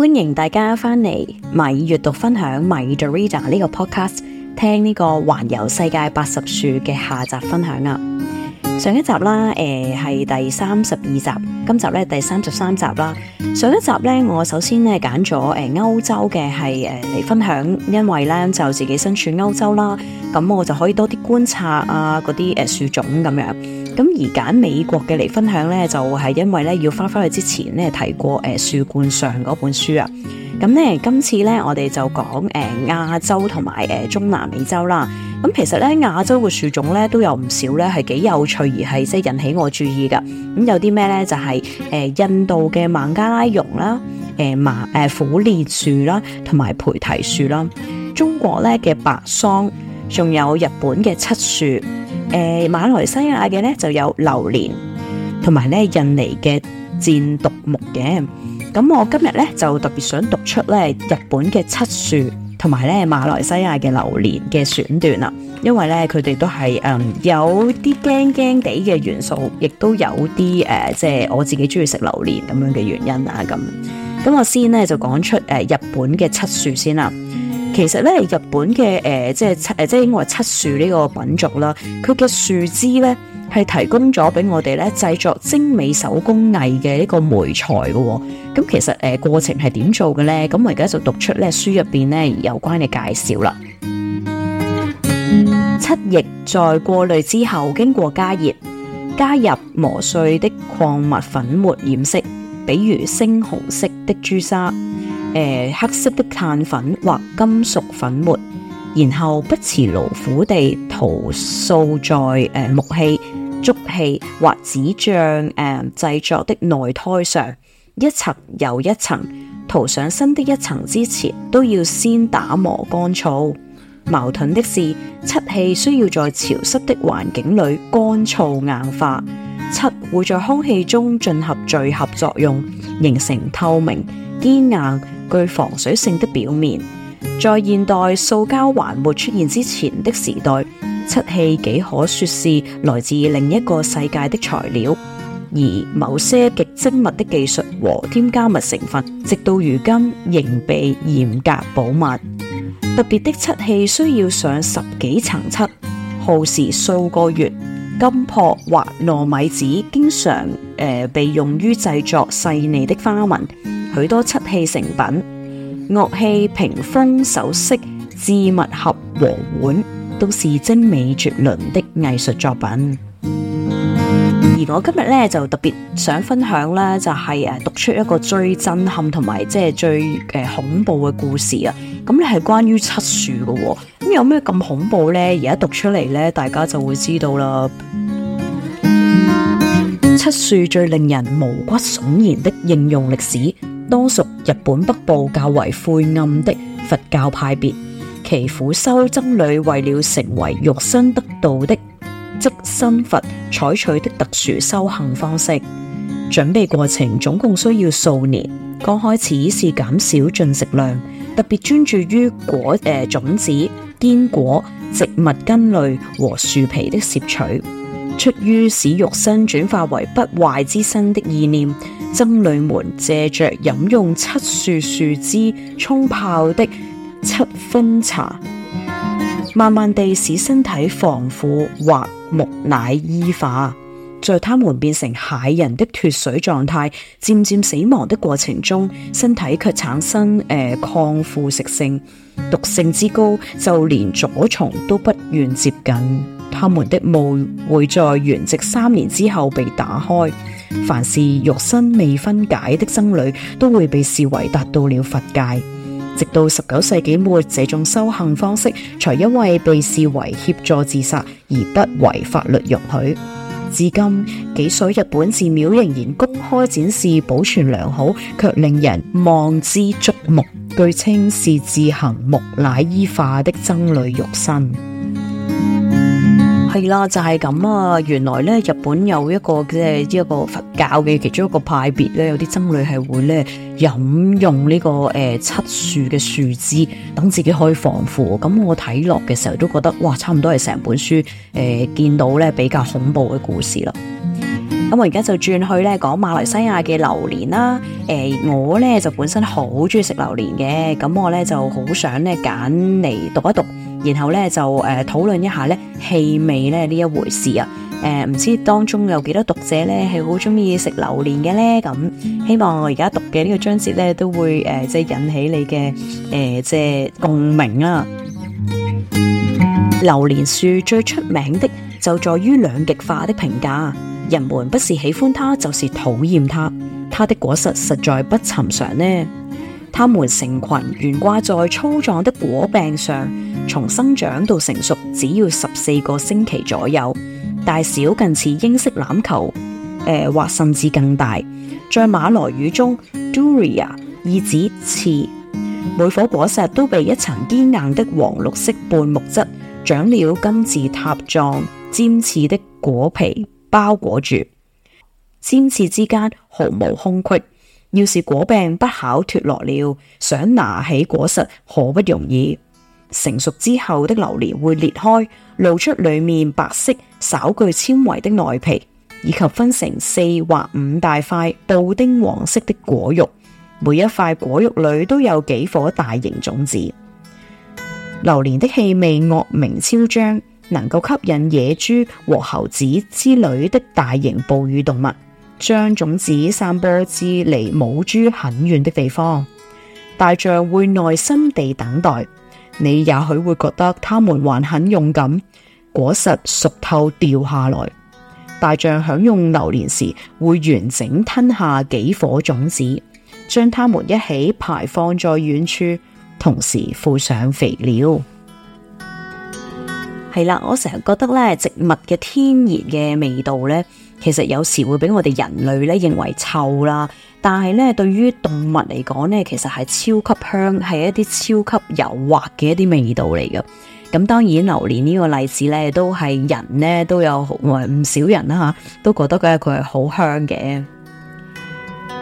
歡迎大家翻嚟米悅讀分享 Mic the Reader 呢個 podcast，聽呢、呢個環遊世界八十樹嘅下集分享啦。上一集啦，誒、呃、係第三十二集，今集咧，第三十三集啦。上一集咧，我首先咧揀咗誒歐洲嘅係誒嚟,分享，因為咧就自己身處歐洲啦，咁我就可以多啲觀察啊嗰啲誒樹種咁樣。咁而揀美國嘅嚟分享咧，就係、是、因為咧要翻翻去之前咧提過誒、呃、樹冠上嗰本書啊。咁咧今次咧我哋就講誒、呃、亞洲同埋誒中南美洲啦。咁其實咧亞洲嘅樹種咧都有唔少咧，係幾有趣而係即係引起我注意噶。咁有啲咩咧就係、是、誒、呃、印度嘅孟加拉榕啦，誒、呃、麻誒、呃、苦楝樹啦，同埋菩提樹啦。中國咧嘅白桑。仲有日本嘅漆樹，誒、呃，馬來西亞嘅咧就有榴蓮，同埋咧印尼嘅箭毒木嘅。咁我今日咧就特別想讀出咧日本嘅漆樹，同埋咧馬來西亞嘅榴蓮嘅選段啦，因為咧佢哋都係嗯有啲驚驚地嘅元素，亦都有啲誒，即、呃、係、就是、我自己中意食榴蓮咁樣嘅原因啊。咁，咁我先咧就講出誒、呃、日本嘅漆樹先啦。其實咧，日本嘅誒、呃，即係漆，即係應該話漆樹呢個品種啦。佢嘅樹枝咧，係提供咗俾我哋咧製作精美手工藝嘅呢個媒材嘅，哦。咁、嗯、其實誒、呃，過程係點做嘅咧？咁我而家就讀出咧書入邊咧有關嘅介紹啦。漆液在過濾之後，經過加熱，加入磨碎的礦物粉末染色，比如猩紅色的朱砂。誒、呃，黑色的碳粉或金屬粉末，然後不辭勞苦地塗掃在誒、呃、木器、竹器或紙漿誒、呃、製作的內胎上，一層又一層塗上新的一層之前，都要先打磨乾燥。矛盾的是，漆器需要在潮濕的環境裏乾燥硬化，漆會在空氣中進行聚合作用，形成透明、堅硬。具防水性的表面，在現代塑膠還沒出現之前的時代，漆器幾可說是來自另一個世界的材料。而某些極精密的技術和添加物成分，直到如今仍被嚴格保密。特別的漆器需要上十幾層漆，耗時數個月。金箔或糯米紙經常誒、呃、被用於製作細膩的花紋。許多漆器成品、樂器、屏風首飾、首飾、字物盒置物盒和碗，都是精美絕倫的藝術作品。而我今日咧就特別想分享咧，就係誒讀出一個最震撼同埋即係最誒、呃、恐怖嘅故事啊！咁咧係關於漆樹嘅，咁有咩咁恐怖咧？而家讀出嚟咧，大家就會知道啦。漆樹最令人毛骨悚然的應用歷史。多屬日本北部較為晦暗的佛教派別，其苦修僧侶為了成為肉身得道的即身佛，採取的特殊修行方式，準備過程總共需要數年。剛開始是減少進食量，特別專注於果誒、呃、種子、堅果、植物根類和樹皮的攝取，出於使肉身轉化為不壞之身的意念。僧侶們借着飲用漆樹樹脂沖泡的漆粉茶，慢慢地使身體防腐，或木乃伊化。在他們變成蟹人的脱水狀態，漸漸死亡的過程中，身體卻產生、呃、抗腐蝕性、毒性之高，就連蛆蟲都不願接近。他們的墓會在圓寂三年之後被打開。凡是肉身未分解的僧侶，都會被視為達到了佛界。直到十九世紀末，這種修行方式才因為被視為協助自殺而不為法律容許。至今，幾所日本寺廟仍然公開展示保存良好卻令人望之矚目、據稱是自行木乃伊化的僧侶肉身。係啦、啊，就係、是、咁啊！原來咧，日本有一個嘅、呃、一個佛教嘅其中一個派別咧，有啲僧侶係會咧飲用呢、這個誒、呃、漆樹嘅樹脂，等自己可以防腐。咁、嗯、我睇落嘅時候都覺得，哇，差唔多係成本書誒、呃、見到咧比較恐怖嘅故事咯。咁我而家就轉去咧講馬來西亞嘅榴蓮啦。誒、呃，我咧就本身好中意食榴蓮嘅，咁我咧就好想咧揀嚟讀一讀。然後咧就誒、呃、討論一下咧氣味咧呢一回事啊。誒、呃，唔知當中有幾多讀者咧係好中意食榴蓮嘅咧咁，希望我而家讀嘅呢個章節咧都會誒、呃、即係引起你嘅誒、呃、即係共鳴啊。榴蓮樹最出名的就在於兩極化的評價，人們不是喜歡它就是討厭它。它的果實實在不尋常呢，它們成群懸掛在粗壯的果柄上。從生長到成熟只要十四個星期左右，大小近似英式欖球，誒、呃、或甚至更大。在馬來語中 durian 意指刺。每顆果實都被一層堅硬的黃綠色半木質、長了金字塔狀尖刺的果皮包裹住，尖刺之間毫無空隙。要是果柄不巧脫落了，想拿起果實可不容易。成熟之後的榴蓮會裂開，露出裏面白色、稍具纖維的內皮，以及分成四或五大塊布丁黃色的果肉。每一塊果肉裏都有幾顆大型種子。榴蓮的氣味惡名昭彰，能夠吸引野豬和猴子之類的大型哺乳動物，將種子散播至離母豬很遠的地方。大象會耐心地等待。你也許會覺得他們還很勇敢，果實熟透掉下來，大象享用榴蓮時會完整吞下幾顆種子，將它們一起排放在遠處，同時附上肥料。係啦，我成日覺得咧，植物嘅天然嘅味道咧，其實有時會俾我哋人類咧認為臭啦，但係咧對於動物嚟講咧，其實係超級香，係一啲超級柔滑嘅一啲味道嚟嘅。咁當然榴蓮呢個例子咧，都係人咧都有唔、哎、少人啦、啊、吓，都覺得佢係好香嘅。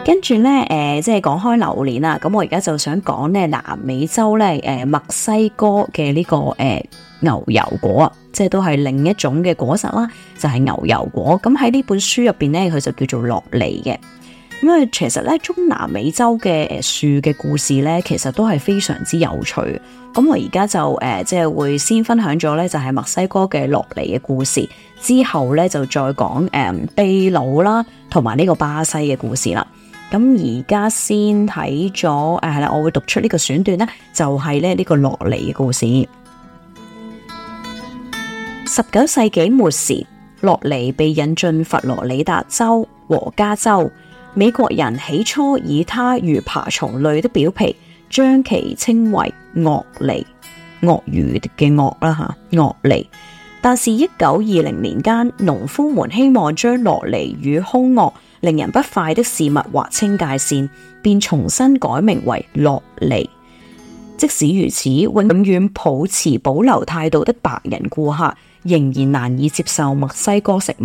跟住咧，誒、呃，即係講開榴蓮啊，咁我而家就想講咧南美洲咧，誒、呃，墨西哥嘅呢，這個誒、呃、牛油果。即係都係另一種嘅果實啦，就係、是、牛油果。咁喺呢本書入邊咧，佢就叫做酪梨嘅。因為其實咧，中南美洲嘅、呃、樹嘅故事咧，其實都係非常之有趣。咁我而家就誒、呃，即係會先分享咗咧，就係、是、墨西哥嘅酪梨嘅故事。之後咧就再講誒、呃、秘魯啦，同埋呢個巴西嘅故事啦。咁而家先睇咗誒、係、哎、啦，我會讀出呢個選段咧，就係咧呢個酪梨嘅故事。十九世紀末時，落梨被引進佛羅里達州和加州。美國人起初以他如爬蟲類的表皮，將其稱為鱷梨，鱷魚的嘅鱷啦吓，鱷梨。但是一九二零年間，農夫們希望將落梨與兇惡、令人不快的事物劃清界線，便重新改名為落梨。即使如此，永遠保持保留態度的白人顧客。仍然難以接受墨西哥食物，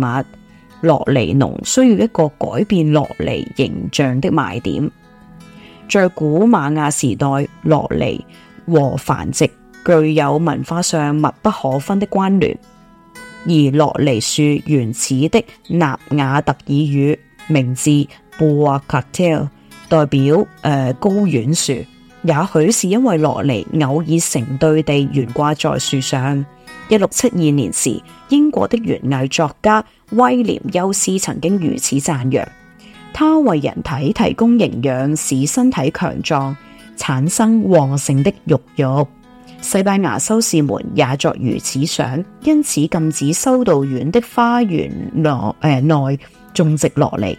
洛尼農需要一個改變洛尼形象的賣點。在古瑪雅時代，洛尼和繁殖具有文化上密不可分的關聯，而洛尼樹原始的納瓦特爾語名字布瓦卡特爾，代表、呃、睪丸樹，也許是因為洛尼偶爾成對地懸掛在樹上。一六七二年時，英國的園藝作家威廉休斯曾經如此讚揚：他為人體提供營養，使身體強壯，產生旺盛的肉慾。西班牙修士們也作如此想，因此禁止修道院的花園內、呃、種植羅尼。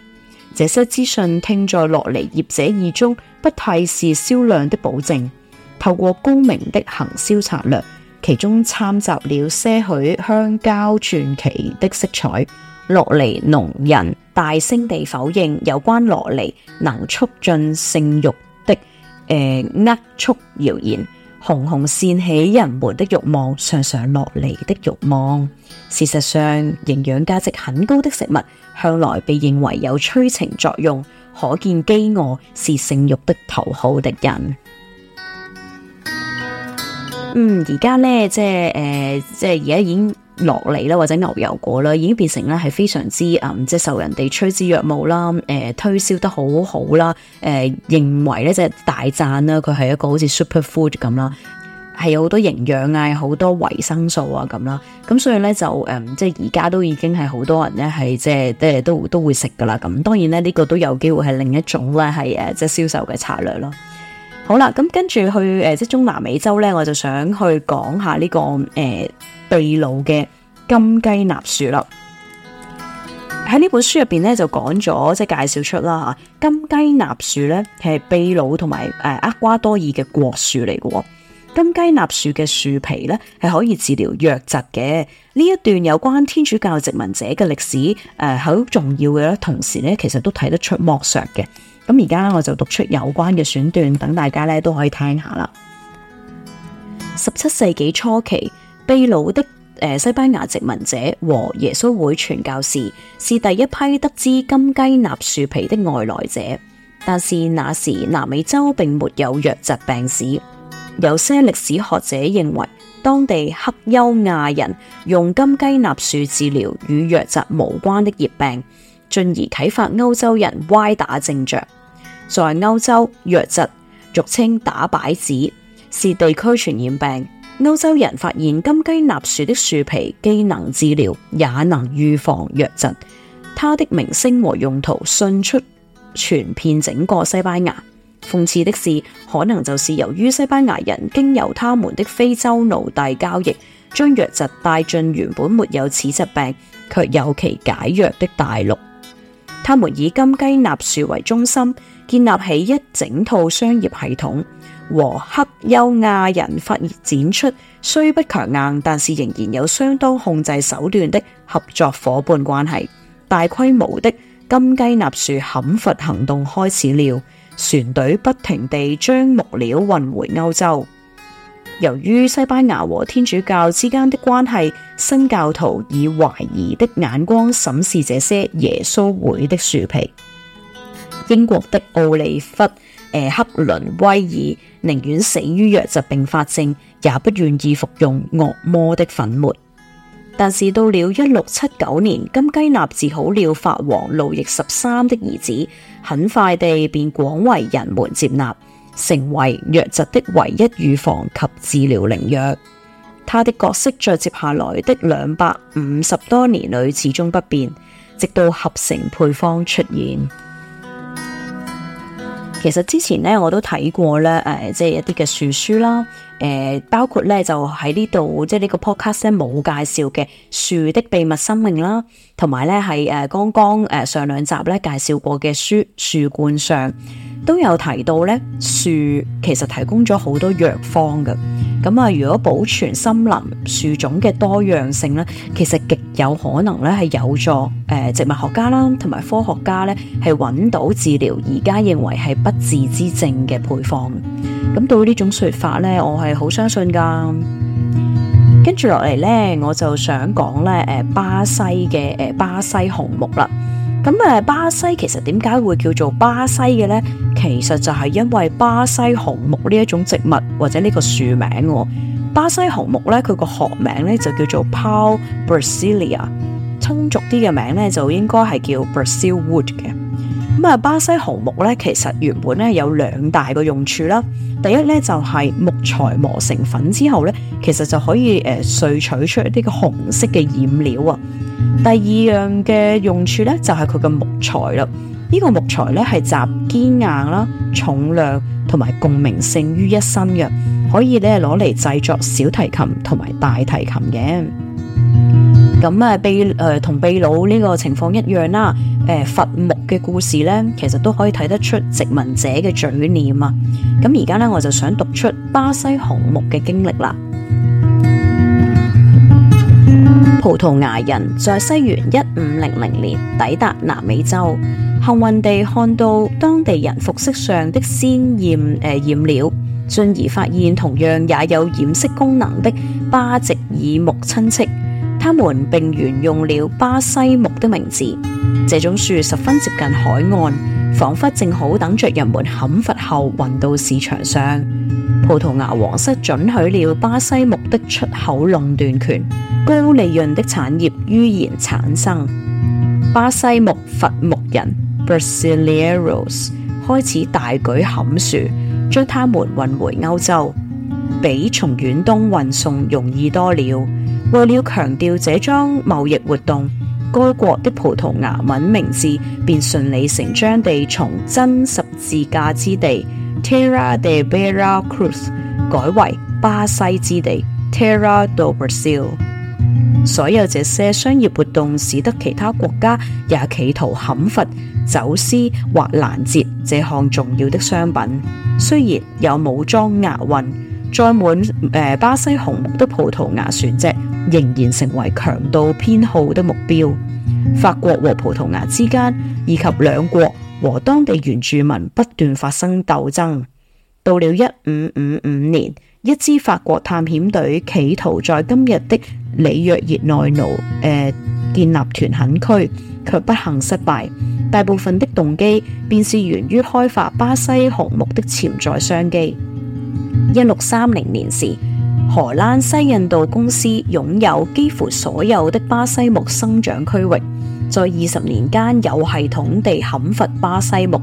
這些資訊聽在落尼業者耳中，不太是銷量的保證。透過高明的行銷策略。其中摻雜了些許香蕉傳奇的色彩。榴槤農人大聲地否認有關榴槤能促進性欲的誒扼、呃、促謠言。紅紅煽起人們的欲望，常常榴槤的欲望。事實上，營養價值很高的食物向來被認為有催情作用，可見飢餓是性欲的頭號敵人。嗯，而家咧，即係誒、呃，即係而家已經落嚟啦，或者牛油果啦，已經變成咧係非常之、嗯、即係受人哋趨之若鶩啦，誒、呃，推銷得好好啦，誒、呃，認為咧即係大贊啦，佢係一個好似 super food 咁啦，係有好多營養啊，好多維生素啊咁啦，咁所以咧就誒、嗯，即係而家都已經係好多人咧係即係即係都都會食噶啦，咁當然咧呢、這個都有機會係另一種咧係誒即係銷售嘅策略咯。好啦，咁跟住去誒，即、呃、係中南美洲咧，我就想去講一下呢、這個誒、呃、秘魯嘅金雞納樹啦。喺呢本書入邊咧就講咗，即係介紹出啦吓，金雞納樹咧係秘魯同埋誒厄瓜多爾嘅國樹嚟嘅。金雞納樹嘅樹皮咧係可以治療瘧疾嘅。呢一段有關天主教殖民者嘅歷史誒，好、呃、重要嘅啦。同時咧，其實都睇得出剝削嘅。咁而家咧，我就讀出有關嘅選段，等大家咧都可以聽一下啦。十七世紀初期，秘魯的誒、呃、西班牙殖民者和耶穌會傳教士是第一批得知金雞納樹皮的外來者，但是那時南美洲並沒有瘧疾病史。有些歷史學者認為，當地克丘亞人用金雞納樹治療與瘧疾無關的熱病，進而啟發歐洲人歪打正着。在歐洲，瘧疾俗稱打擺子，是地區傳染病。歐洲人發現金雞納樹的樹皮既能治療也能預防瘧疾，它的名聲和用途迅速傳遍整個西班牙。諷刺的是，可能就是由於西班牙人經由他們的非洲奴隸交易，將瘧疾帶進原本沒有此疾病卻有其解藥的大陸，他們以金雞納樹為中心建立起一整套商業系統和克丘亞人發展出，雖不強硬，但是仍然有相當控制手段的合作夥伴關係。大規模的金雞納樹砍伐行動開始了，船隊不停地將木料運回歐洲。由於西班牙和天主教之間的關係，新教徒以懷疑的眼光審視這些耶穌會的樹皮。英國的奧利弗·克倫威爾寧願死於瘧疾併發症，也不願意服用惡魔的粉末。但是到了一六七九年，金雞納治好了法王路易十三的兒子，很快地便廣為人們接納，成為瘧疾的唯一預防及治療靈藥。他的角色在接下來的兩百五十多年裏始終不變，直到合成配方出現。其實之前咧我都睇過咧，誒、呃，即、就、係、是、一啲嘅樹書啦，誒、呃，包括咧就喺、就是、呢度，即係呢個 podcast 咧冇介紹嘅《樹的秘密生命》啦，同埋咧係誒剛剛誒上兩集咧介紹過嘅書《樹冠上》。都有提到咧，樹其實提供咗好多藥方嘅。咁啊，如果保存森林樹種嘅多樣性咧，其實極有可能咧係有助誒植物學家啦，同埋科學家咧係揾到治療而家認為係不治之症嘅配方。咁對於呢種說法咧，我係好相信噶。跟住落嚟咧，我就想講咧，誒，巴西嘅誒，巴西紅木啦。咁啊，巴西其實點解會叫做巴西嘅咧？其實就係因為巴西紅木呢一種植物或者呢個樹名，哦，巴西紅木咧佢個學名咧就叫做 Paul Brazilia，通俗啲嘅名咧就應該係叫 Brazil Wood 嘅。咁、嗯、啊，巴西紅木咧其實原本咧有兩大嘅用處啦。第一咧就係、是、木材磨成粉之後咧，其實就可以誒萃、呃，取出一啲嘅紅色嘅染料啊。第二樣嘅用處咧就係佢嘅木材啦。呢個木材咧係集堅硬啦、重量同埋共鳴性於一身嘅，可以咧攞嚟製作小提琴同埋大提琴嘅。咁啊，秘誒同秘魯呢、呃、個情況一樣啦。誒、呃，伐木嘅故事咧，其實都可以睇得出殖民者嘅嘴臉啊。咁而家咧，我就想讀出巴西紅木嘅經歷啦。葡萄牙人在西元一五零零年抵達南美洲。幸運地看到當地人服飾上的鮮豔誒染料，進而發現同樣也有染色功能的巴西爾木親戚。他們並沿用了巴西木的名字。這種樹十分接近海岸，彷彿正好等着人們砍伐後運到市場上。葡萄牙皇室准許了巴西木的出口壟斷權，高利潤的產業於然產生。巴西木伐木人。Brasileiros，開始大舉砍樹，將他們運回歐洲，比從遠東運送容易多了。為了強調這樁貿易活動，該國的葡萄牙文名字便順理成章地從真十字架之地 Terra de Vera Cruz 改為巴西之地 Terra do Brasil。所有這些商業活動，使得其他國家也企圖砍伐、走私或攔截這項重要的商品。雖然有武裝押運，載滿、呃、巴西紅木的葡萄牙船隻，仍然成為強盜偏好的目標。法國和葡萄牙之間，以及兩國和當地原住民不斷發生鬥爭。到了一五五五年，一支法國探險隊企圖在今日的里約熱內盧誒建立屯墾區，卻不幸失敗。大部分的動機，便是源於開發巴西紅木的潛在商機。一六三零年時，荷蘭西印度公司擁有幾乎所有的巴西木生長區域，在二十年間有系統地砍伐巴西木。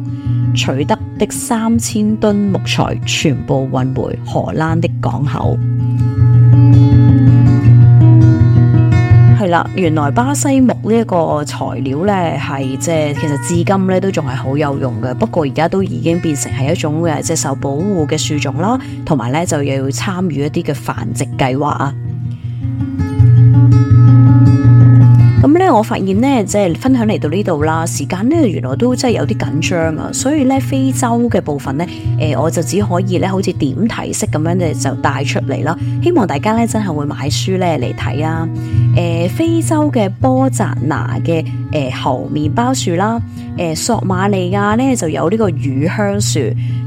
取得的三千噸木材全部運回荷蘭的港口。係啦，原來巴西木呢一個材料呢，係即係其實至今咧都仲係好有用嘅。不過而家都已經變成係一種嘅即係受保護嘅樹種啦，同埋呢就要參與一啲嘅繁殖計劃啊。因為我發現咧，即係分享嚟到呢度啦，時間咧原來都真係有啲緊張啊，所以咧非洲嘅部分咧，誒、呃、我就只可以咧好似點題式咁樣嘅就帶出嚟啦。希望大家咧真係會買書咧嚟睇啊！誒、呃，非洲嘅波扎拿嘅誒猴麵包樹啦，誒、呃、索馬利亞咧就有，這個乳有呢個乳香樹，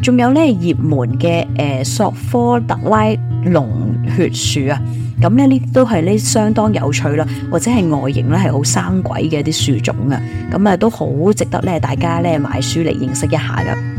仲有咧葉門嘅誒、呃、索科特拉龍血樹啊。這些都是呢，相當有趣或者係外形咧，係好生鬼嘅樹，啲樹種都好值得大家買買書嚟認識一下㗎。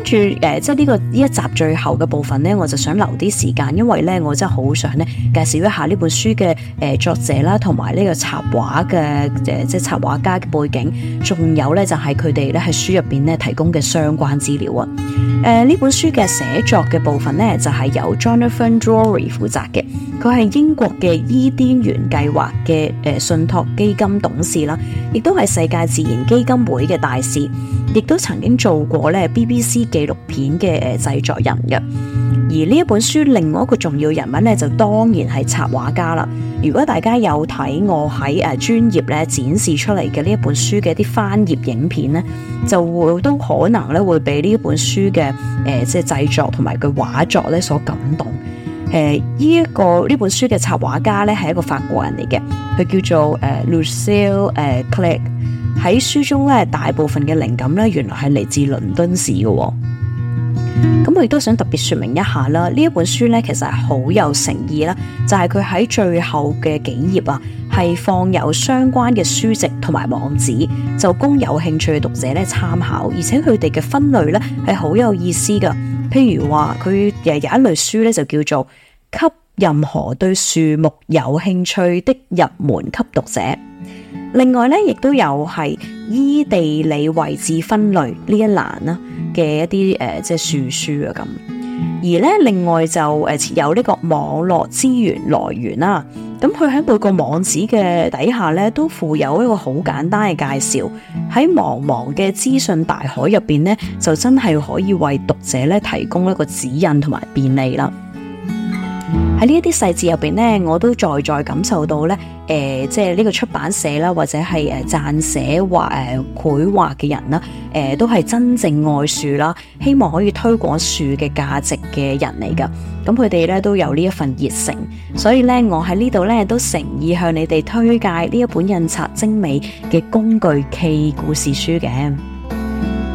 跟住誒，即係，這、呢個呢一集最後嘅部分呢，我就想留啲時間，因為呢，我真係好想咧介紹一下呢本書嘅誒、呃、作者啦，同埋呢個插畫嘅、呃、即係插畫家嘅背景，仲有呢，就係佢哋咧喺書入邊咧提供嘅相關資料啊。誒、呃、呢本書嘅寫作嘅部分呢，就係、是、由 Jonathan Drori 負責嘅，佢係英國嘅伊甸園計劃嘅誒、呃、信託基金董事啦，亦都係世界自然基金會嘅大使，亦都曾經做過呢 BBC。紀錄片嘅誒製作人嘅，而呢一本書另外一個重要人物咧就當然係插畫家啦。如果大家有睇我喺誒專頁咧展示出嚟嘅呢一本書嘅一啲翻頁影片咧，就會都可能咧會俾呢一本書嘅誒、呃、即係製作同埋佢畫作咧所感動。誒、呃，一、這個呢本書嘅插畫家咧係一個法國人嚟嘅，佢叫做誒 Lucille 誒 Clerc。喺書中咧，大部分嘅靈感咧，原來係嚟自倫敦市嘅喎。咁我亦都想特別說明一下啦。呢一本書咧，其實係好有誠意啦。就係佢喺最後嘅幾頁啊，係放有相關嘅書籍同埋網址，就供有興趣嘅讀者咧參考。而且佢哋嘅分類咧係好有意思噶。譬如話佢有一類書咧，就叫做吸。任何對樹木有興趣的入門級讀者，另外咧亦都有係依地理位置分類呢一欄啦嘅一啲誒、呃、即係樹書啊咁，而咧另外就誒有呢個網絡資源來源啦，咁佢喺每個網址嘅底下咧都附有一個好簡單嘅介紹，喺茫茫嘅資訊大海入邊咧就真係可以為讀者咧提供一個指引同埋便利啦。喺呢一啲細節入邊呢，我都在在感受到呢，誒、呃，即係呢個出版社啦，或者係誒撰寫或誒、呃、繪畫嘅人啦，誒、呃，都係真正愛樹啦，希望可以推廣樹嘅價值嘅人嚟噶。咁佢哋咧都有呢一份熱誠，所以呢，我喺呢度呢都誠意向你哋推介呢一本印刷精美嘅工具暨故事書嘅。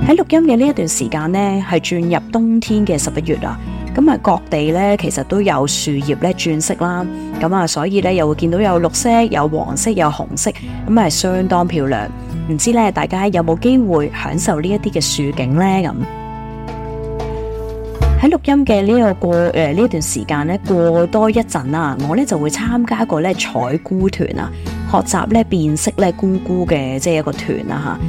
喺錄音嘅呢一段時間呢，係轉入冬天嘅十一月啊。咁啊，各地咧其實都有樹葉咧轉色啦，咁啊，所以咧又會見到有綠色、有黃色、有紅色，咁係相當漂亮。唔知咧大家有冇機會享受這些呢一啲嘅樹景咧？咁喺錄音嘅呢個過誒呢、呃、段時間咧過多一陣啦，我咧就會參加一個咧採菇團啊，學習咧辨識咧菇菇嘅即係一個團啊。吓。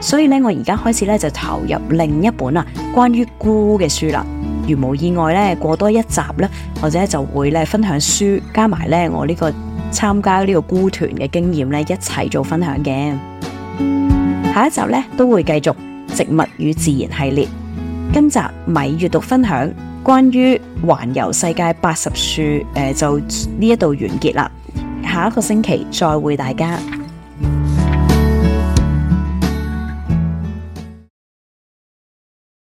所以咧，我而家開始咧就投入另一本啊，關於菇嘅書啦。如無意外咧，過多一集咧，或者就會咧分享書加埋咧我呢個參加呢個菇團嘅經驗咧，一齊做分享嘅。下一集咧都會繼續植物與自然系列。今集米閱讀分享關於環遊世界八十樹，誒就呢度完結啦。下一個星期再會大家。